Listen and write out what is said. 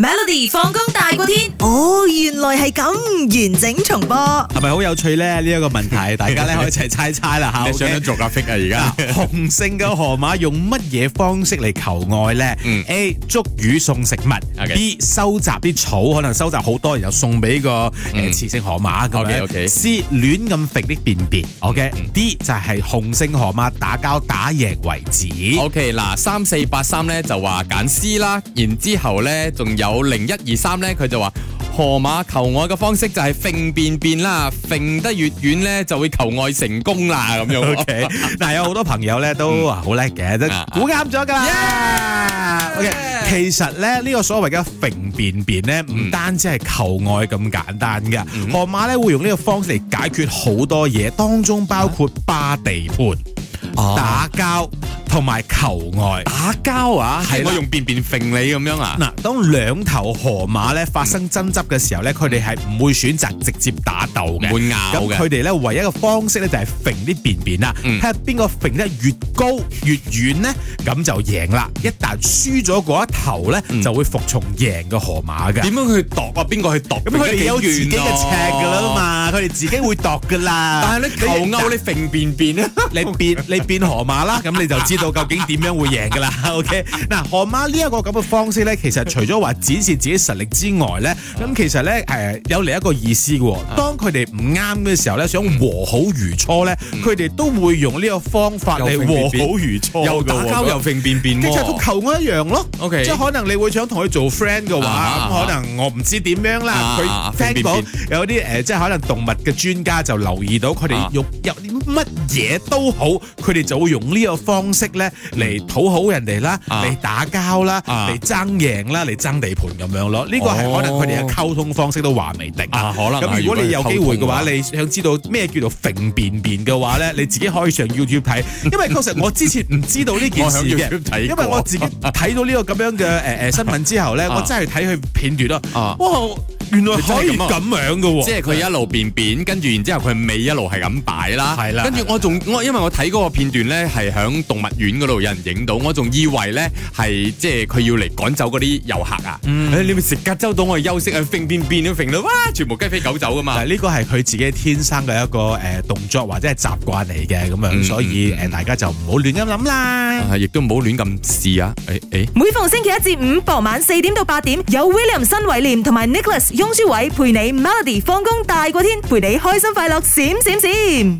Melody 放工大過天，哦，原來係咁完整重播，係咪好有趣咧？呢一個問題，大家咧可以一齊猜猜啦吓。你想唔想做個 f i 啊？而家雄性嘅河馬用乜嘢方式嚟求愛咧？A 捉魚送食物，B 收集啲草，可能收集好多，然後送俾個雌性河馬咁咧。C 亂咁揈啲便便。O K D 就係雄性河馬打交打贏為止。O K 嗱三四八三咧就話揀 C 啦，然之後咧仲有。有零一二三咧，佢就話河馬求愛嘅方式就係揈便便啦，揈得越遠咧就會求愛成功啦咁樣。但係，Okay. 有好多朋友咧都好叻嘅，都估啱咗噶。O K，其實咧呢、呢個所謂嘅揈便便咧，唔單止係求愛咁簡單噶，河、mm hmm. 馬咧會用呢個方式嚟解決好多嘢，當中包括霸地盤、What? 打交架。Oh. 同埋求愛打交啊，係我用便便揈你咁樣啊？嗱了，當兩頭河馬咧發生爭執嘅時候咧，佢哋係唔會選擇直接打。唔會咬，佢哋咧唯一嘅方式咧就係揈啲便便啦，睇下邊個揈得越高越遠呢，咁就贏啦。一旦輸咗嗰一頭咧，就會服從贏嘅河馬嘅。點、嗯、樣去度？啊？邊個去度？咁佢哋有自己嘅尺噶啦嘛，佢哋自己會度噶啦。 但係你投勾， 你揈便便咧， 你變你變河馬啦，咁你就知道究竟點樣會贏噶啦。OK，嗱、啊，河馬呢一個咁嘅方式咧，其實除咗話展示自己實力之外咧，咁 其實咧誒、呃、有另一個意思嘅。 當佢佢哋唔啱嘅時候咧，想和好如初咧，佢哋都會用呢個方法嚟和好如初，又打交又便便便，即係同求偶一樣咯。O K，即係可能你會想同佢做 friend 嘅話，咁可能我唔知點樣啦。佢聽講有啲誒，即係可能動物嘅專家就留意到佢哋用有啲乜嘢都好，佢哋就會用呢個方式咧嚟討好人哋啦，嚟打交啦，嚟爭贏啦，嚟爭地盤咁樣咯。呢個係可能佢哋嘅溝通方式都話未定啊。可能咁，如果你有，機會嘅話，啊、你想知道咩叫做揈便便嘅話呢？你自己可以上 YouTube 睇，因為確實我之前唔知道呢件事嘅， 因為我自己睇到呢個咁樣嘅誒誒新聞之後呢， 我真係睇佢片段咯， 哇 原來可以咁樣嘅喎，即係佢一路便便，跟住然之後佢尾一路係咁擺啦，係啦。跟住我仲我因為我睇嗰個片段咧係響動物園嗰度有人影到，我仲以為咧係即係佢要嚟趕走嗰啲遊客啊！你咪食吉甴到，我哋休息去揈變變，去揈到哇，全部雞飛狗走噶嘛！呢個係佢自己天生嘅一個誒動作或者係習慣嚟嘅咁樣，所以誒大家就唔好亂咁諗啦，亦都唔好亂咁試啊！每逢星期一至五傍晚四點到八點有 William 新威廉同埋 Nicholas。鍾書偉陪你 Melody 放工大過天，陪你開心快樂閃閃閃。